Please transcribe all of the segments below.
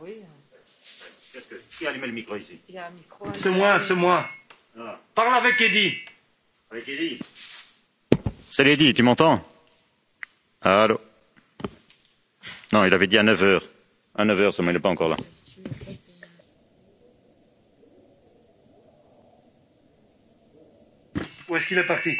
oui. Qu'est-ce que... Qui a allumé le micro ici Il y a un micro. C'est moi, c'est moi. Ah. Parle avec Eddie. Avec Eddie. Salut Eddie, tu m'entends Allô Non, il avait dit à 9h. À 9h, ça, mais il n'est pas encore là. Où est-ce qu'il est parti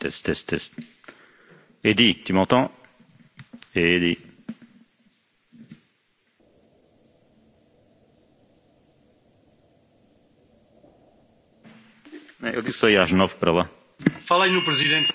Test, test, test. Edi, tu m'entends Edi. Eh, eu disse aí às nove para lá. Fala aí no presidente.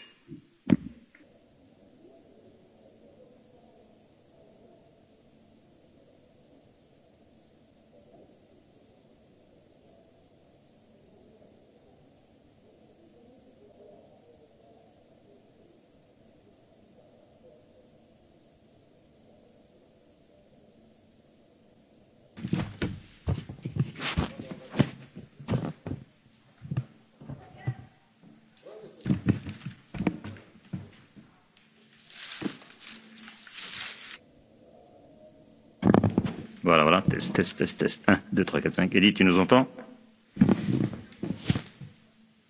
Test, test, test, test. 1, 2, 3, 4, 5. Eddie, tu nous entends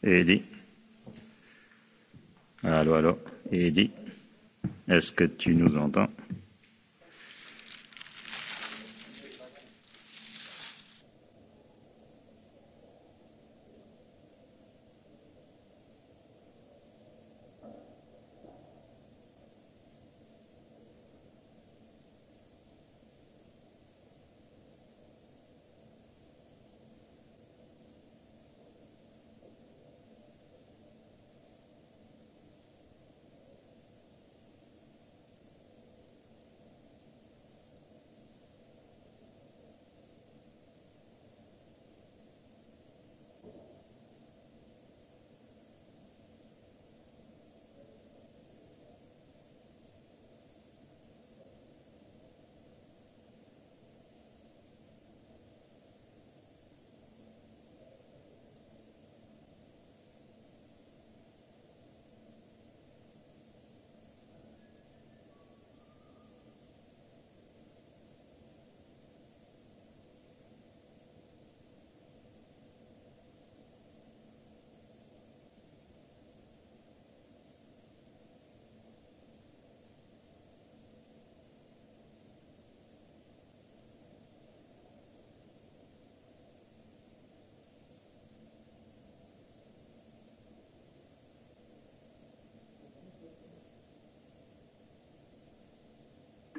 Eddie Allô, allô Eddie Est-ce que tu nous entends